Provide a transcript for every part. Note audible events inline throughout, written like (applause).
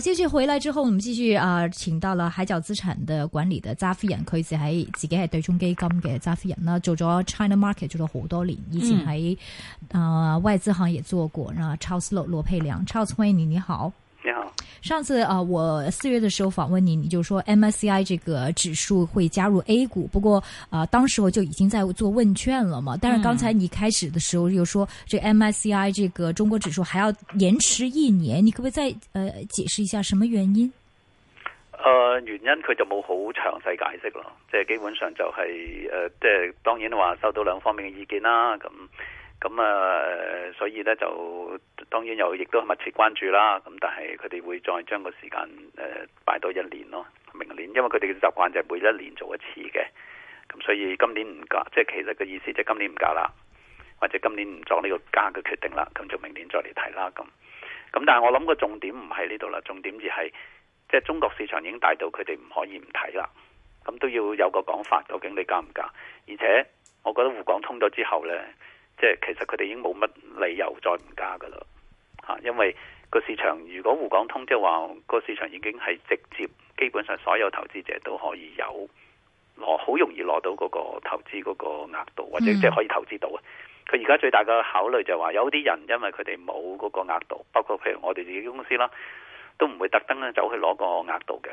繼續回來之後，我們繼續啊、呃，請到了海角資產的管理的揸 fit 人，佢就喺自己係對沖基金嘅揸 fit 人啦，做咗 China Market 做咗好多年，以前喺啊、呃、外資行也做過，然後 Charles 羅羅霈良，Charles 歡迎你，你好。你好，上次啊、呃，我四月的時候訪問你，你就說 MSCI 這個指數會加入 A 股，不過啊、呃，當時我就已經在做問卷了嘛。但是剛才你開始的時候又說，嗯、這 MSCI 這個中國指數還要延遲一年，你可唔可以再，呃，解釋一下什麼原因？誒、呃，原因佢就冇好詳細解釋咯，即係基本上就係、是，誒、呃，即係當然話收到兩方面嘅意見啦，咁。咁啊、呃，所以咧就當然又亦都密切關注啦。咁但係佢哋會再將個時間誒、呃、擺多一年咯，明年，因為佢哋嘅習慣就係每一年做一次嘅。咁所以今年唔加，即係其實個意思即係今年唔加啦，或者今年唔做呢個加嘅決定啦，咁就明年再嚟睇啦。咁咁但係我諗個重點唔喺呢度啦，重點而係即係中國市場已經大到佢哋唔可以唔睇啦。咁都要有個講法，究竟你加唔加？而且我覺得滬港通咗之後呢。即係其實佢哋已經冇乜理由再唔加噶啦，吓，因為個市場如果滬港通即係話、個市場已經係直接，基本上所有投資者都可以有攞，好容易攞到嗰個投資嗰個額度，或者即係可以投資到啊。佢而家最大嘅考慮就係話，有啲人因為佢哋冇嗰個額度，包括譬如我哋自己公司啦，都唔會特登咧走去攞個額度嘅，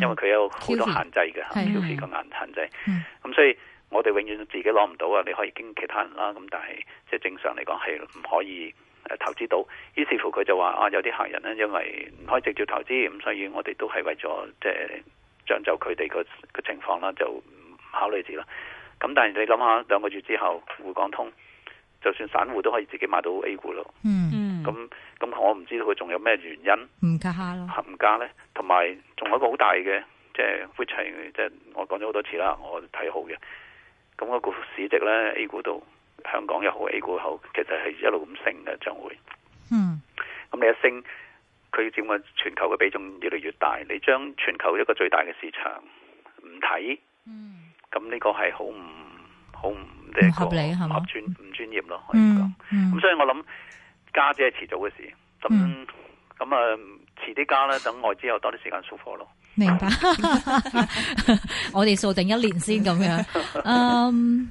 因為佢有好多限制嘅，係啊、嗯，個限制，咁、嗯、所以。我哋永遠自己攞唔到啊！你可以經其他人啦，咁但係即係正常嚟講係唔可以誒投資到。於是乎佢就話啊，有啲客人咧因為唔可以直接投資，咁所以我哋都係為咗即係將就佢哋個個情況啦，就考慮住啦。咁但係你諗下兩個月之後，滬港通就算散戶都可以自己買到 A 股咯。嗯嗯。咁咁，我唔知道佢仲有咩原因唔加咯，唔加咧。同埋仲有一個好大嘅，即係灰 h 即係我講咗好多次啦，我睇好嘅。咁個股市值咧，A 股度香港又好，A 股又好，其實係一路咁升嘅將會。嗯。咁你一升，佢佔個全球嘅比重越嚟越大。你將全球一個最大嘅市場唔睇。嗯。咁呢個係好唔好唔呢個唔專業咯？可以講。嗯。咁所以我諗加姐係遲早嘅事。嗯。咁咁啊，遲啲加咧，等我之後多啲時間收貨咯。明白， (laughs) 我哋鎖定一年先咁樣。嗯，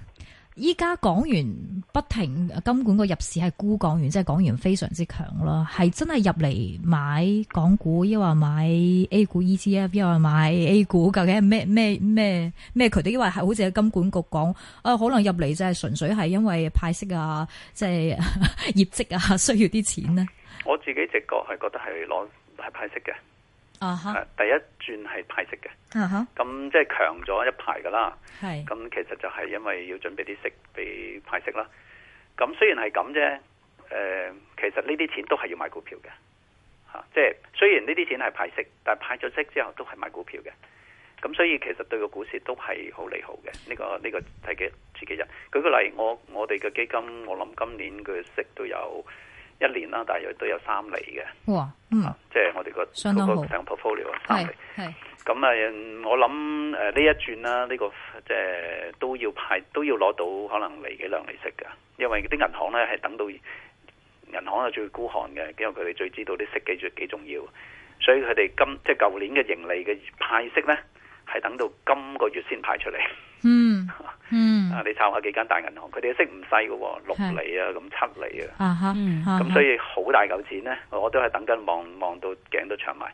依家港元不停，金管局入市係沽港元，即係港元非常之強咯。係真係入嚟買港股，抑或買 A 股 ETF，抑或買 A 股，究竟係咩咩咩咩佢哋？因為係好似喺金管局講，啊可能入嚟就係純粹係因為派息啊，即係 (laughs) 業績啊，需要啲錢呢、啊？我自己直覺係覺得係攞係派息嘅。Uh huh. 第一轉係派息嘅，咁、uh huh. 即係強咗一排噶啦，咁是其實就係因為要準備啲息俾派息啦。咁雖然係咁啫，誒、呃，其實呢啲錢都係要買股票嘅，吓、啊，即係雖然呢啲錢係派息，但派咗息之後都係買股票嘅。咁所以其實對個股市都係好利好嘅。呢、這個呢、這個係幾幾日？舉個例，我我哋嘅基金，我諗今年嘅息都有。一年啦，大約都有三厘嘅。哇，嗯，即係我哋個嗰個想 portfolio 三厘。係，咁啊，我諗誒呢一轉啦，呢、這個即係都要派，都要攞到可能嚟幾兩利息嘅。因為啲銀行咧係等到銀行係最孤寒嘅，因為佢哋最知道啲息幾幾重要，所以佢哋今即係舊年嘅盈利嘅派息咧，係等到今個月先派出嚟。嗯嗯，啊，你炒下幾間大銀行，佢哋嘅息唔細噶，六厘啊，咁七厘啊，咁所以好大嚿錢咧，我都係等緊望望到頸都長埋，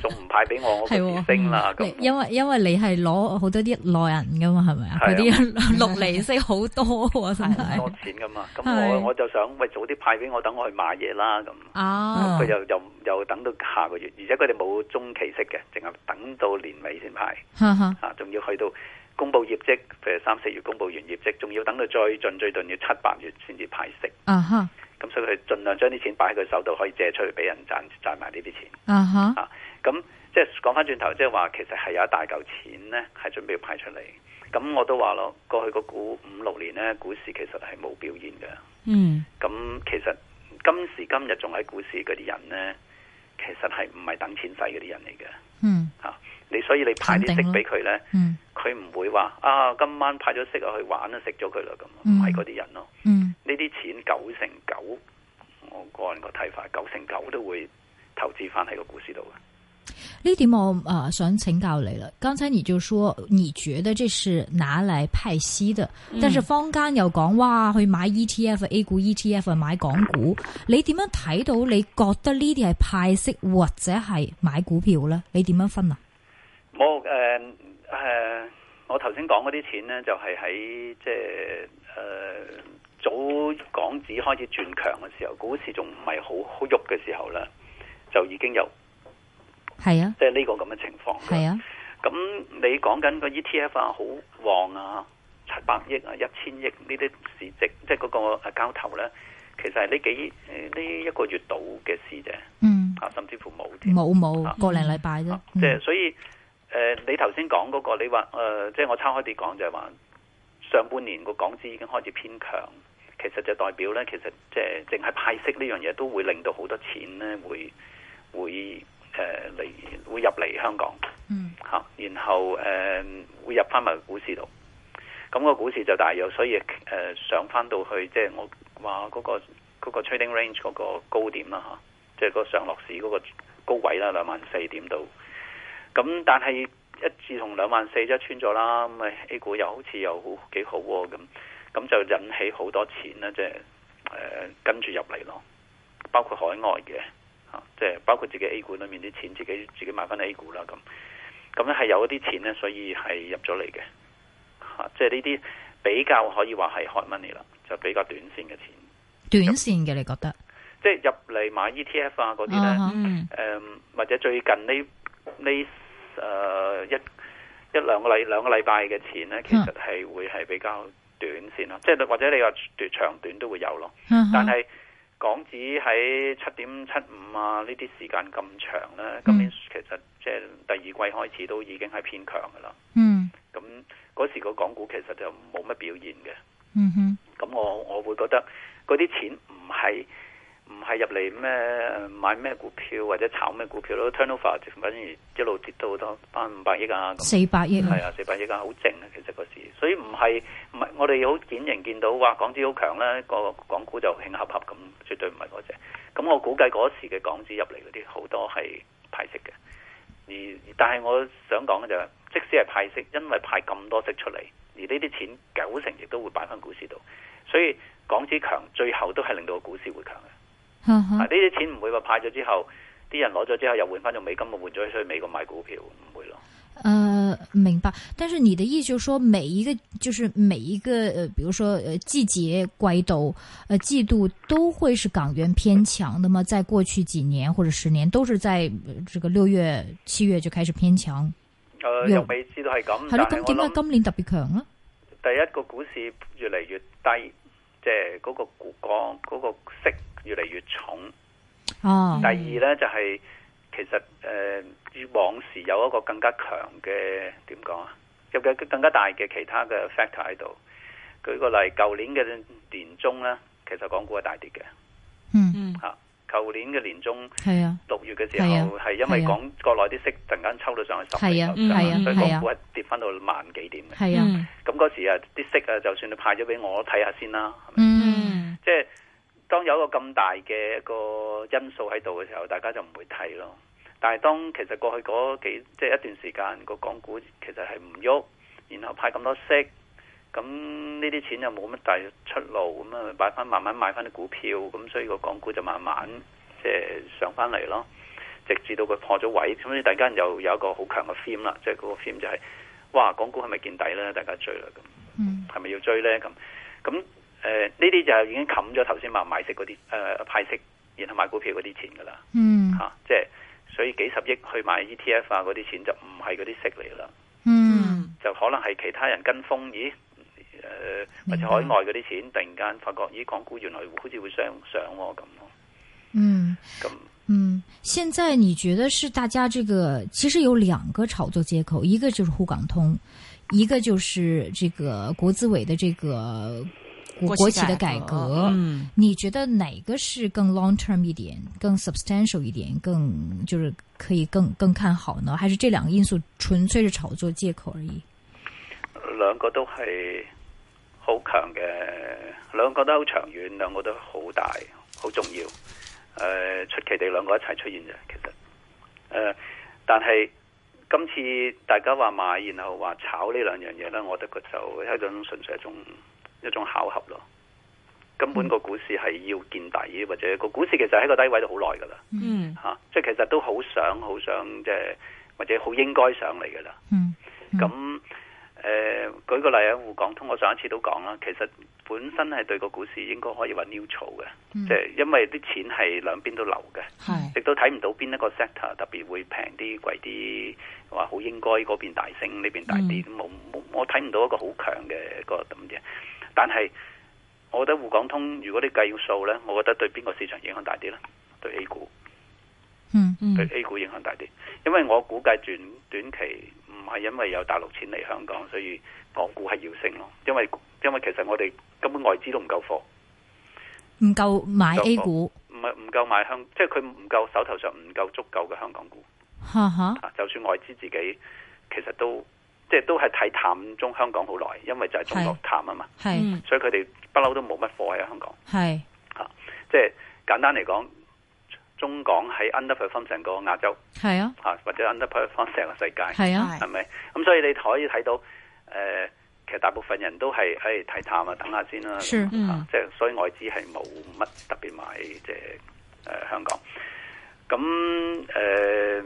仲唔派俾我？係升啦，咁因為因為你係攞好多啲內人噶嘛，係咪啊？嗰啲六厘息好多，好多錢噶嘛，咁我我就想喂早啲派俾我，等我去買嘢啦，咁，咁佢又又又等到下個月，而且佢哋冇中期息嘅，淨係等到年尾先派，吓，仲要去到。公布業績，譬如三四月公布完業績，仲要等佢再盡最盡要七八月先至派息。咁、uh huh. 嗯、所以佢盡量將啲錢擺喺佢手度，可以借出去俾人賺賺埋呢啲錢。Uh huh. 啊，咁即係講翻轉頭，即係話其實係有一大嚿錢咧，係準備要派出嚟。咁、嗯、我都話咯，過去個股五六年呢，股市其實係冇表現嘅、嗯嗯。嗯，咁其實今時今日仲喺股市嗰啲人呢，其實係唔係等錢使嗰啲人嚟嘅。嗯，嚇。你所以你派啲息俾佢咧，佢唔會話、嗯、啊，今晚派咗息啊去玩啦，食咗佢啦，咁唔係嗰啲人咯。呢啲、嗯嗯、錢九成九，我個人個睇法九成九都會投資翻喺個股市度嘅。呢點、嗯、我啊想請教你啦，剛才你就說你覺得這是攞嚟派息的，但是坊間又講哇去買 E T F A 股 E T F 買港股，你點樣睇到？你覺得呢啲係派息或者係買股票咧？你點樣分啊？我誒誒、呃呃，我頭先講嗰啲錢咧，就係喺即係誒早港紙開始轉強嘅時候，股市仲唔係好好喐嘅時候咧，就已經有係啊，即係呢個咁嘅情況。係啊，咁你講緊個 ETF 啊，好旺啊，七百億啊，一千億呢啲市值，即係嗰個交投咧，其實係呢幾呢、呃、一個月度嘅事啫。嗯，啊，甚至乎冇啲冇冇個零禮拜啫。即、啊、係所以。嗯，所以嗯嗯誒，你頭先講嗰個，你話誒，即係我差開啲講就係、是、話，上半年個港資已經開始偏強，其實就代表咧，其實即係淨係派息呢樣嘢都會令到好多錢咧，會會誒嚟會入嚟香港，嗯，嚇、啊，然後誒、呃、會入翻埋股市度，咁、那個股市就大約，所以誒上翻到去即係、就是、我話嗰、那個、那個、trading range 嗰個高點啦嚇，即係嗰上落市嗰個高位啦兩萬四點度。咁但係一至同兩萬四一穿咗啦，咁 A 股，又好似又好幾好喎、啊，咁咁就引起好多錢啦，即係誒跟住入嚟咯，包括海外嘅吓，即、啊、係、就是、包括自己 A 股裏面啲錢，自己自己買翻 A 股啦，咁咁咧係有一啲錢咧，所以係入咗嚟嘅吓，即係呢啲比較可以話係 hot money 啦，就是、比較短線嘅錢，短線嘅入你覺得？即係入嚟買 ETF 啊嗰啲咧，誒、uh huh. 呃、或者最近呢呢？誒、uh, 一一兩個禮兩個禮拜嘅錢咧，其實係會係比較短線咯，即係、uh huh. 或者你話短長短都會有咯。但係港紙喺七點七五啊，呢啲時間咁長咧，今年、uh huh. 其實即係第二季開始都已經係偏強㗎喇。嗯、uh，咁、huh. 嗰時個港股其實就冇乜表現嘅。嗯哼、uh，咁、huh. 我我會覺得嗰啲錢唔係。唔係入嚟咩買咩股票或者炒咩股票咯？Turnover 反而一路跌到好多翻五百億啊，咁四百億係啊，四百億啊，好正啊，其實個市，所以唔係唔係我哋好典型見到哇，港紙好強咧，嗰個港股就興恰恰咁，絕對唔係嗰隻。咁我估計嗰時嘅港紙入嚟嗰啲好多係派息嘅，而但係我想講嘅就係，即使係派息，因為派咁多息出嚟，而呢啲錢九成亦都會擺翻股市度，所以港紙強，最後都係令到個股市會強嘅。呢啲、uh huh. 錢唔會話派咗之後，啲人攞咗之後又換翻用美金，咪換咗去美國買股票，唔會咯。誒、呃，明白。但是你的意思就說，每一個，就是每一個，誒、呃，比如說，誒、呃，季節、呃，季度、誒，季度都會是港元偏強。那麼在過去幾年或者十年，都是在這個六月、七月就開始偏強。誒、呃，越又未知都係咁。係咯是，咁點解今年特別強啦？第一個股市越嚟越低。即係嗰個股光嗰、那個息越嚟越重。哦，Oh. 第二咧就係、是、其實誒，與、呃、往時有一個更加強嘅點講啊，有嘅更加大嘅其他嘅 factor 喺度。舉個例，舊年嘅年中咧，其實港股係大跌嘅。嗯嗯、mm，吓、hmm. 啊。舊年嘅年中，六、啊、月嘅時候，係、啊、因為講、啊、國內啲息，突然間抽到上去十倍頭上，嗯啊、所以港股係跌翻到萬幾點嘅。咁嗰、啊、時啊，啲息啊，就算你派咗俾我睇下先啦。即係、啊就是、當有一個咁大嘅一個因素喺度嘅時候，大家就唔會睇咯。但係當其實過去嗰幾，即係一段時間，個港股其實係唔喐，然後派咁多息。咁呢啲錢又冇乜大出路，咁啊擺翻慢慢買翻啲股票，咁所以個港股就慢慢即係上翻嚟咯。直至到佢破咗位，咁你突然間又有，有一個好強嘅 theme 啦，即係嗰個 theme 就係、是，哇，港股係咪見底咧？大家追啦，咁係咪要追咧？咁咁誒呢啲就係已經冚咗頭先買買息嗰啲誒派息，然後買股票嗰啲錢噶啦，嚇、嗯，即係、啊就是、所以幾十億去買 ETF 啊嗰啲錢就唔係嗰啲息嚟啦，嗯，就可能係其他人跟風咦？誒，或者海外嗰啲錢，突然間發覺咦，港股原來好似會上上喎咁咯。嗯，咁嗯，現在你覺得是大家這個其實有兩個炒作借口，一個就是滬港通，一個就是這個國資委的這個國企的改革。哦、你覺得哪個是更 long term 一點、更 substantial 一點、更就是可以更更看好呢？還是這兩個因素純粹是炒作借口而已？兩個都係。好強嘅，兩個都好長遠，兩個都好大，好重要。誒、呃，出奇地兩個一齊出現嘅，其實。誒、呃，但係今次大家話買，然後話炒呢兩樣嘢咧，我覺得就係一種純粹一種一種巧合咯。根本個股市係要見底，或者個股市其實喺個低位都好耐噶啦。嗯。吓，即係其實都好想，好想即係或者好應該上嚟噶啦。嗯、mm. mm.。咁。誒、呃，舉個例啊，滬港通，我上一次都講啦，其實本身係對個股市應該可以話 neutral 嘅，即係、嗯、因為啲錢係兩邊都流嘅，係是，亦都睇唔到邊一個 sector 特別會平啲、貴啲，話好應該嗰邊大升，呢邊大跌，冇冇、嗯，我睇唔到一個好強嘅、個咁嘅。但係，我覺得滬港通如果你計要數咧，我覺得對邊個市場影響大啲咧？對 A 股，嗯嗯，嗯對 A 股影響大啲，因為我估計短短期。唔係因為有大陸錢嚟香港，所以港股係要升咯。因為因為其實我哋根本外資都唔夠貨，唔夠買 A 股，唔係唔夠買香港，即係佢唔夠手頭上唔夠足夠嘅香港股。哈、啊、哈，就算外資自己其實都即係都係睇淡中香港好耐，因為就係中國淡啊是嘛。係是，所以佢哋不嬲都冇乜貨喺香港。係是，啊，即係簡單嚟講。中港喺 underperform 成個亞洲，係啊，嚇或者 underperform 成個世界，係啊，係咪吧？咁所以你可以睇到，誒、呃，其實大部分人都係係睇淡啊，等下先啦，即係、嗯嗯、所以外資係冇乜特別買，即係誒香港。咁誒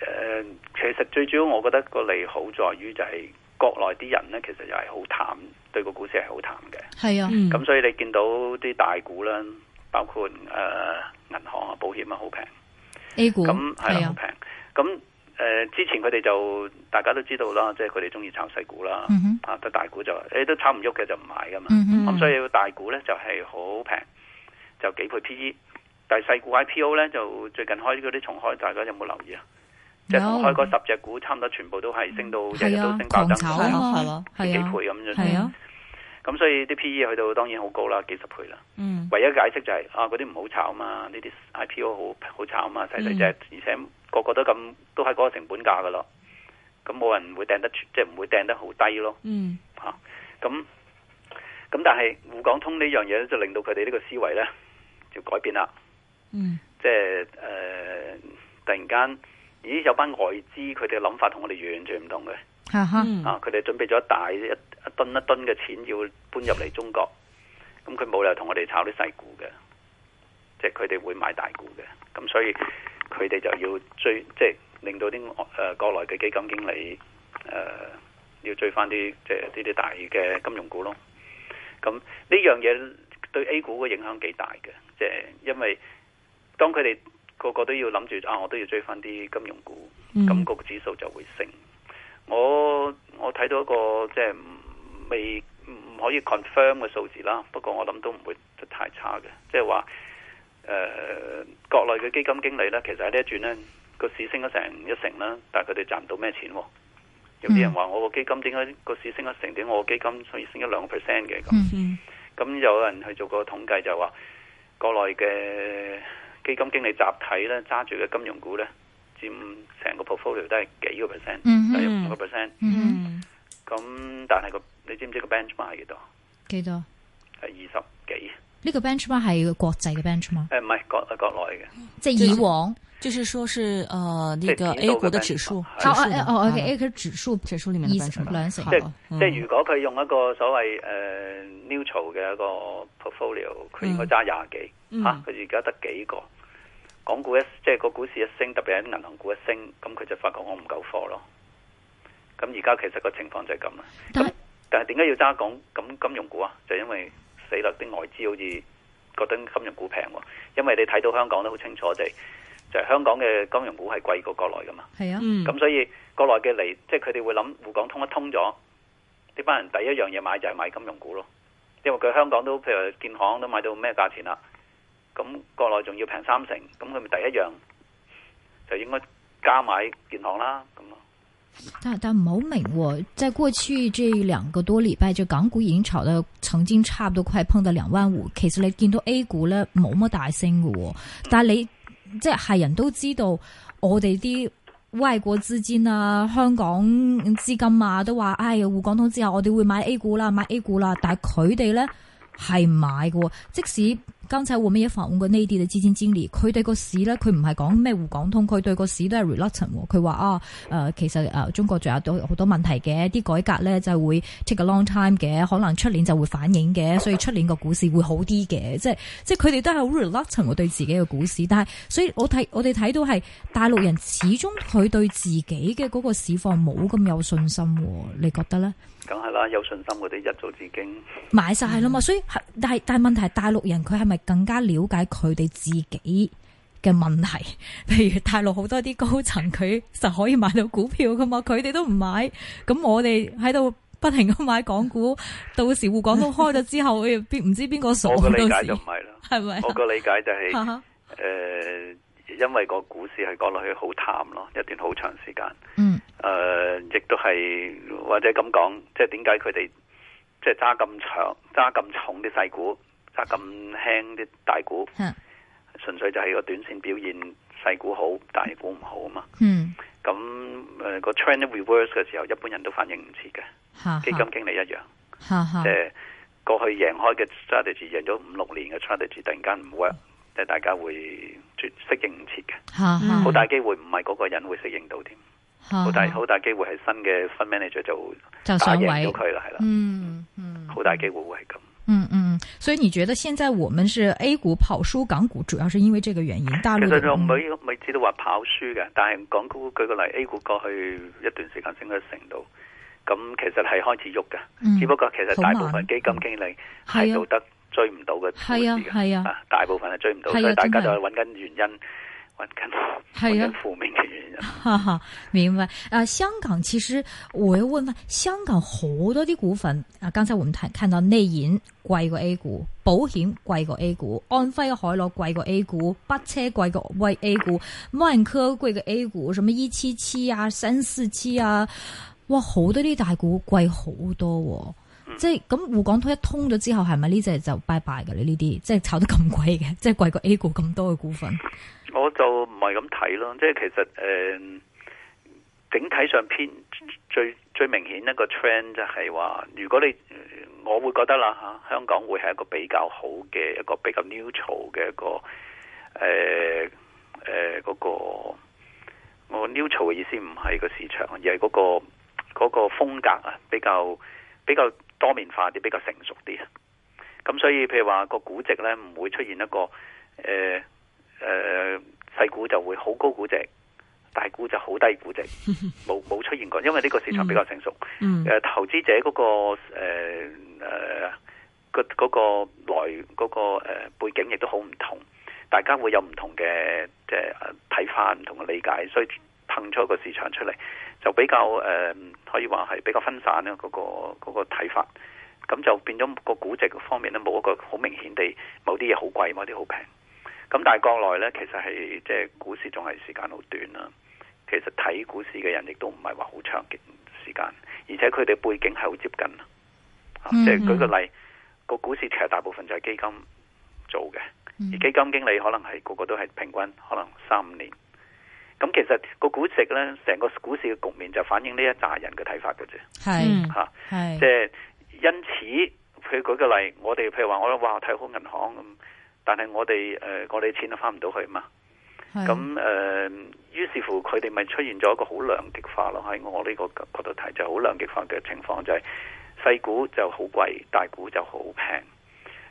誒，其實最主要，我覺得個利好在於就係國內啲人咧，其實又係好淡，對個股市係好淡嘅，係啊。咁、嗯、所以你見到啲大股咧。包括誒銀行啊、保險啊，好平。A 股咁係啊，好平。咁誒之前佢哋就大家都知道啦，即係佢哋中意炒細股啦。啊，但大股就誒都炒唔喐嘅就唔買噶嘛。咁所以大股咧就係好平，就幾倍 P E。但係細股 I P O 咧就最近開嗰啲重開，大家有冇留意啊？即係重開嗰十隻股，差唔多全部都係升到日日都升爆燈，係咯，幾倍咁樣。咁所以啲 P/E 去到當然好高啦，幾十倍啦。嗯、唯一解釋就係、是、啊，嗰啲唔好炒嘛，呢啲 IPO 好好炒嘛，細細隻，嗯、而且個個都咁都喺嗰個成本價㗎咯。咁冇人會掟得即係唔會掟得好低咯。嚇、嗯，咁咁、啊、但係滬港通呢樣嘢就令到佢哋呢個思維咧就改變啦。即係誒，突然間咦有班外資，佢哋嘅諗法同我哋完全唔同嘅。啊，佢哋準備咗一大一。嗯一噸一噸嘅錢要搬入嚟中國，咁佢冇理由同我哋炒啲細股嘅，即係佢哋會買大股嘅，咁所以佢哋就要追，即係令到啲誒國內嘅基金經理誒、呃、要追翻啲即係呢啲大嘅金融股咯。咁呢樣嘢對 A 股嘅影響幾大嘅，即係因為當佢哋個個都要諗住啊，我都要追翻啲金融股，咁個指數就會升。我我睇到一個即係唔。未唔唔可以 confirm 嘅數字啦，不過我諗都唔會得太差嘅，即係話誒國內嘅基金經理咧，其實喺呢一轉咧，個市升咗成一成啦，但係佢哋賺唔到咩錢喎、啊。有啲人話我個基金點解個市升咗成點，我個基金所以升咗兩個 percent 嘅。咁咁、嗯、哼有人去做個統計就話國內嘅基金經理集體咧，揸住嘅金融股咧，佔成個 portfolio 都係幾個 percent，有五個 percent。嗯哼，咁、嗯、哼但係個。你知唔知個 benchmark 係幾多？幾多？係二十幾。呢個 benchmark 係國際嘅 benchmark。誒唔係國國內嘅。即係以往，就是說是誒呢個 A 股嘅指數。哦哦哦，指數指數裡面嘅 benchmark 即即如果佢用一個所謂誒 neutral 嘅一個 portfolio，佢應該揸廿幾嚇，佢而家得幾個？港股一即係個股市一升，特別係銀行股一升，咁佢就發覺我唔夠貨咯。咁而家其實個情況就係咁啊。但係點解要揸港咁金融股啊？就係、因為死啦啲外資好似覺得金融股平喎，因為你睇到香港都好清楚，就係就係香港嘅金融股係貴過國內噶嘛。係啊，咁、嗯、所以國內嘅嚟，即係佢哋會諗，滬港通一通咗，呢班人第一樣嘢買就係買金融股咯。因為佢香港都譬如建行都買到咩價錢啦，咁國內仲要平三成，咁佢咪第一樣就應該加買建行啦咁咯。但但唔好明喎、哦，在過去這兩個多禮拜，就港股已經炒到曾經差唔多快碰到兩萬五，其實你見到 A 股咧冇乜大升嘅、哦。但係你即係人都知道，我哋啲外國資金啊、香港資金啊，都話唉，滬港通之後我哋會買 A 股啦，買 A 股啦。但係佢哋咧係唔買嘅，即使。剛才唔咩一發問過呢啲嘅資金撤離，佢哋個市咧，佢唔係講咩滬港通，佢對個市都係 reluctant。佢話啊，誒、哦、呃，其實誒、呃，中國仲有好多問題嘅，啲改革咧就係會 take a long time 嘅，可能出年就會反映嘅，所以出年個股市會好啲嘅，即係即係佢哋都係好 reluctant，我對自己嘅股市。但係所以我睇我哋睇到係大陸人始終佢對自己嘅嗰個市況冇咁有信心，你覺得咧？梗係啦，有信心嗰啲一早已經買晒啦嘛，嗯、所以但係但係問題係大陸人佢係咪更加了解佢哋自己嘅問題？譬如大陸好多啲高層佢實可以買到股票噶嘛，佢哋都唔買，咁我哋喺度不停咁買港股， (laughs) 到時滬港通開咗之後，邊唔 (laughs) 知邊個傻？我嘅理解就唔係啦，係咪、啊？我嘅理解就係、是、誒、 (laughs) 呃，因為個股市係講落去好淡咯，一段好長時間。嗯。誒、呃，亦都係或者咁講，即係點解佢哋即係揸咁長、揸咁重啲細股，揸咁輕啲大股，純粹就係個短線表現細股好，大股唔好嘛。嗯，咁誒個 trend reverse 嘅時候，一般人都反應唔切嘅，基金經理一樣，即係過去贏開嘅 strategy 贏咗五六年嘅 strategy，突然間唔 work，即係大家會適應唔切嘅，好大機會唔係嗰個人會適應到添。好大好大機會係新嘅新 manager 就就贏咗佢啦，係啦，嗯嗯，好大機會會係咁，嗯嗯，所以你覺得現在我們是 A 股跑輸港股，主要是因為這個原因？其實就唔係唔係指到話跑輸嘅，但係港股舉個例，A 股過去一段時間升咗成度，咁其實係開始喐嘅，只不過其實大部分基金經理係做得追唔到嘅，係啊係啊，大部分係追唔到，所以大家就揾緊原因。係啊，負面嘅原因。哈哈， (laughs) 明白啊！香港其實我要問翻，香港好多啲股份啊，剛才我們睇看，看到內險貴過 A 股，保險貴過 A 股，安徽海螺貴過 A 股，北車貴過貴 A 股，萬科貴過 A 股，什麼一七七啊，三四七啊，哇，好多啲大股貴好多，哦，即係咁滬港通一通咗之後，係咪呢隻就拜拜嘅呢？呢啲即係炒得咁貴嘅，即係貴過 A 股咁多嘅股份。唔係咁睇咯，即係其實誒、呃，整體上偏最最明顯一個 trend 就係話，如果你我會覺得啦吓，香港會係一個比較好嘅一個比較 neutral 嘅一個誒誒、呃呃嗰個我 neutral 嘅意思唔係個市場，而係嗰、嗰個嗰、嗰個風格啊，比較比較多面化啲，比較成熟啲啊。咁所以譬如話個估值咧，唔會出現一個誒誒。呃呃細股就會好高估值，大股就好低估值，冇冇出現過。因為呢個市場比較成熟，誒、嗯呃、投資者嗰、那個誒誒、呃呃那個嗰、那個來嗰個背景亦都好唔同，大家會有唔同嘅即係睇法、唔同嘅理解，所以掙出一個市場出嚟就比較誒、呃，可以話係比較分散咧嗰、那個、那個睇法，咁就變咗個估值方面咧冇一個好明顯地，某啲嘢好貴，某啲好平。咁但係國內咧，其實係即係股市仲係時間好短啦、啊。其實睇股市嘅人亦都唔係話好長嘅時間，而且佢哋背景係好接近、啊。即係、嗯啊、舉個例，個、嗯、股市其實大部分就係基金做嘅，嗯、而基金經理可能係個個都係平均可能三五年。咁、啊、其實個估值咧，成個股市嘅局面就反映呢一紮人嘅睇法嘅啫。係吓、嗯，係即係因此，佢舉個例，我哋譬如話我話睇好銀行咁。嗯嗯嗯但係我哋，誒、呃，我哋錢都翻唔到去嘛。咁的，誒，於、呃、是乎佢哋咪出現咗一個好兩極化咯。喺我呢個角度睇，就好兩極化嘅情況，就係、是、細股就好貴，大股就好平。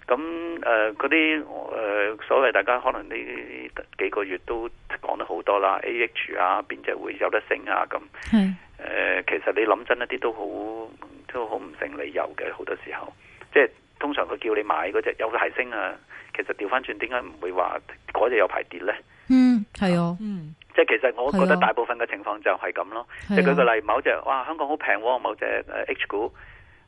咁，誒、呃，嗰啲，誒、呃，所謂大家可能呢幾個月都講得好多啦，AH 啊，邊隻會有得升啊？咁，誒的、呃，其實你諗真一啲都好，都好唔成理由嘅，好多時候，即係。通常佢叫你買嗰隻有排升啊，其實調翻轉點解唔會話嗰隻有排跌咧？嗯，係啊，嗯，即係其實我覺得大部分嘅情況就係咁咯。即係、啊、舉個例，某隻哇香港好平喎，某隻誒 H 股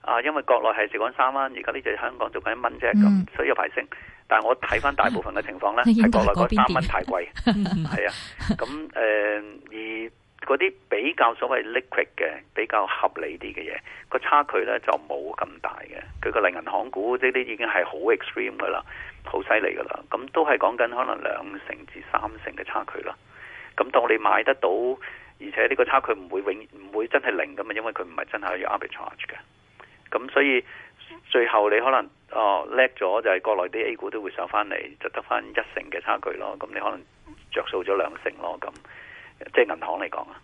啊，因為國內係成講三蚊，而家呢隻香港做緊一蚊啫，嗯、所以有排升。但係我睇翻大部分嘅情況咧，係 (laughs) 國內嗰三蚊太貴，係啊，咁誒而。 (laughs) (laughs) 嗰啲比較所謂 liquid 嘅比較合理啲嘅嘢，個差距呢就冇咁大嘅。佢個嚟銀行股呢啲已經係好 extreme 噶啦，好犀利噶啦。咁都係講緊可能兩成至三成嘅差距啦。咁當你買得到，而且呢個差距唔會永唔會真係零噶嘛，因為佢唔係真係可以 arbitrage 嘅。咁所以最後你可能哦叻咗就係、是、國內啲 A 股都會上翻嚟，就得翻一成嘅差距咯。咁你可能着數咗兩成咯咁。即係銀行嚟講啊，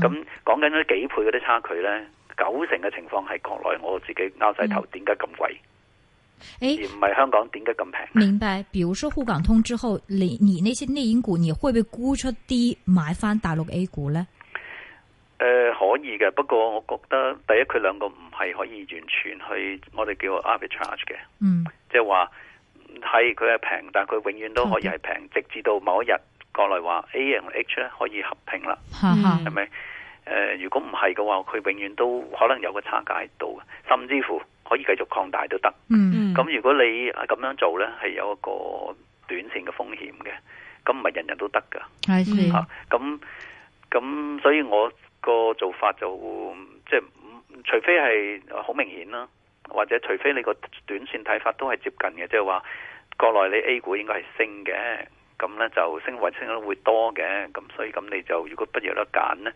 咁講緊嗰幾倍嗰啲差距咧，九成嘅情況係國內我自己拗晒頭，點解咁貴？誒，欸、而唔係香港點解咁平？明白？比如說滬港通之後，你你呢啲內銀股，你會唔會沽出啲買翻大陸 A 股咧？誒、呃，可以嘅，不過我覺得第一佢兩個唔係可以完全去，我哋叫 arbitrage 嘅，嗯，即係話係佢係平，但係佢永遠都可以係平，的直至到某一日。國內話 A 和 H 咧，可以合併啦，係咪？誒、 (noise) 呃，如果唔係嘅話，佢永遠都可能有個差價喺度，甚至乎可以繼續擴大都得。嗯，咁 (noise) 如果你咁樣做咧，係有一個短線嘅風險嘅，咁唔係人人都得噶，係 (noise) 啊。咁咁，所以我個做法就即係、就是，除非係好明顯啦，或者除非你個短線睇法都係接近嘅，即係話國內你 A 股應該係升嘅。咁咧就升為升得會多嘅，咁所以咁你就如果不如得揀咧，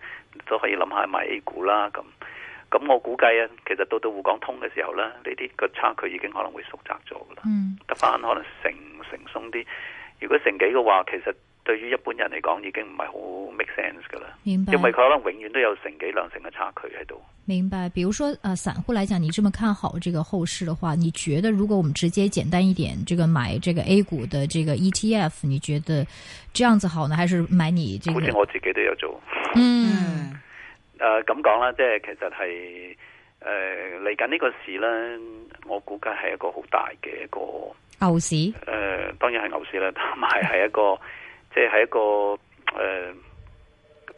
都可以諗下買 A 股啦。咁咁我估計啊，其實到到滬港通嘅時候咧，呢啲個差距已經可能會縮窄咗啦，得返、嗯、可能成成鬆啲。如果成幾嘅話，其實。對於一般人嚟講，已經唔係好 make sense 噶啦，明白因為佢可能永遠都有成幾兩成嘅差距喺度。明白，比如說，啊、呃，散戶嚟講，你這麼看好這個後市的話，你覺得如果我們直接簡單一點，這個買這個 A 股的這個 ETF，你覺得這樣子好呢，還是買呢、這個？反正我自己都有做。嗯，誒、嗯，咁講啦，即係其實係誒嚟緊呢個市咧，我估計係一個好大嘅一個牛市。誒西、呃，當然係牛市啦，同埋係一個。 (laughs) 即係一個誒、呃、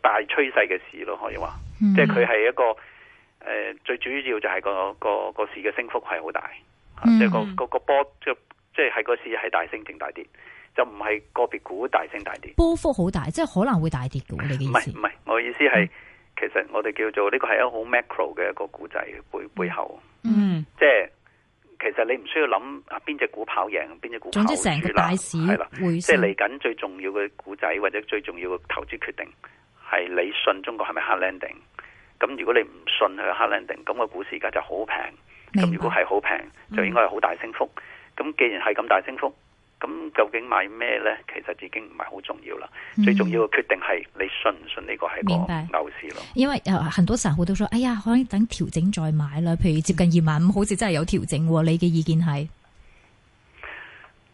大趨勢嘅事咯，可以話，嗯、即係佢係一個誒、呃、最主要就係個個個市嘅升幅係好大，嗯啊、即係個個波即係即係喺個市係大升定大跌，就唔係個別股大升大跌，波幅好大，即係可能會大跌嘅，唔係唔係，我意思係其實我哋叫做呢個係一個好 macro 嘅一個故仔背背後，嗯，即係。其實你唔需要諗邊隻股跑贏，邊隻股跑輸啦。係啦，即係嚟緊最重要嘅股仔，或者最重要嘅投資決定，係你信中國係咪 hard landing？咁如果你唔信佢 hard landing，咁個股市而家就好平。咁如果係好平，白就應該係好大升幅。咁、嗯、既然係咁大升幅。咁究竟買咩呢？其實已經唔係好重要啦，嗯、最重要嘅決定係你信唔信呢個係個牛市咯。因為啊，很多散戶都說，哎呀，可以等調整再買啦。譬如接近二萬五，好似真係有調整。你嘅意見係？誒、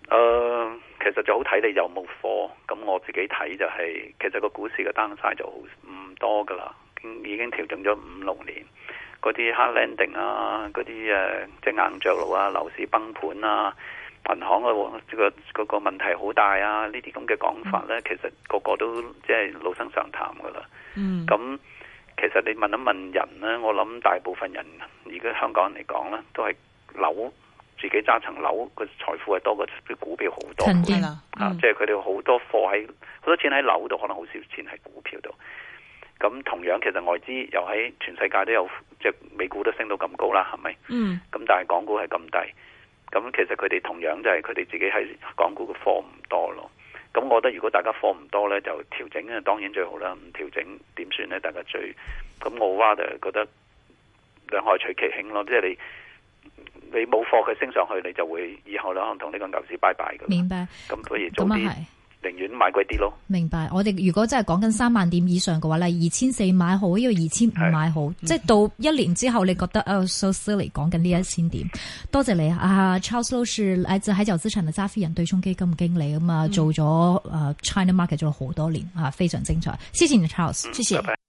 呃，其實就好睇你有冇貨。咁我自己睇就係、是，其實個股市嘅 down 晒就好唔多噶啦，已經調整咗五六年，嗰啲 hard landing 啊，嗰啲誒即係硬着陸啊，樓市崩盤啊。銀行啊，呢個個問題好大啊！呢啲咁嘅講法呢，嗯、其實個個都即係老生常談噶啦。嗯，咁其實你問一問人呢，我諗大部分人而家香港人嚟講呢，都係樓自己揸層樓個財富係多過啲股票好多。即係佢哋好多貨喺，好多錢喺樓度，可能好少錢喺股票度。咁同樣，其實外資又喺全世界都有，即係美股都升到咁高啦，係咪？嗯。咁但係港股係咁低。咁、嗯、其實佢哋同樣就係佢哋自己係港股嘅貨唔多咯。咁、嗯、我覺得如果大家貨唔多呢，就調整啊，當然最好啦。唔調整點算呢？大家最咁、嗯、我話就覺得兩害取其輕咯，即係你你冇貨佢升上去，你就會以後可能同呢個牛市拜拜㗎喇。明白。咁所以早啲。寧願買貴啲咯。明白，我哋如果真係講緊三萬點以上嘅話咧，二千四買好，因為二千五買好，是即係到一年之後，嗯、你覺得啊、uh,，so silly 講緊呢一千點。嗯、多謝你啊，Charles Louis，來自喺就資產嘅揸飛人對沖基金經理咁嘛，做咗、嗯、啊 China market 做咗好多年啊，非常精彩。多謝，謝你，Charles，嗯。多謝，謝。拜拜。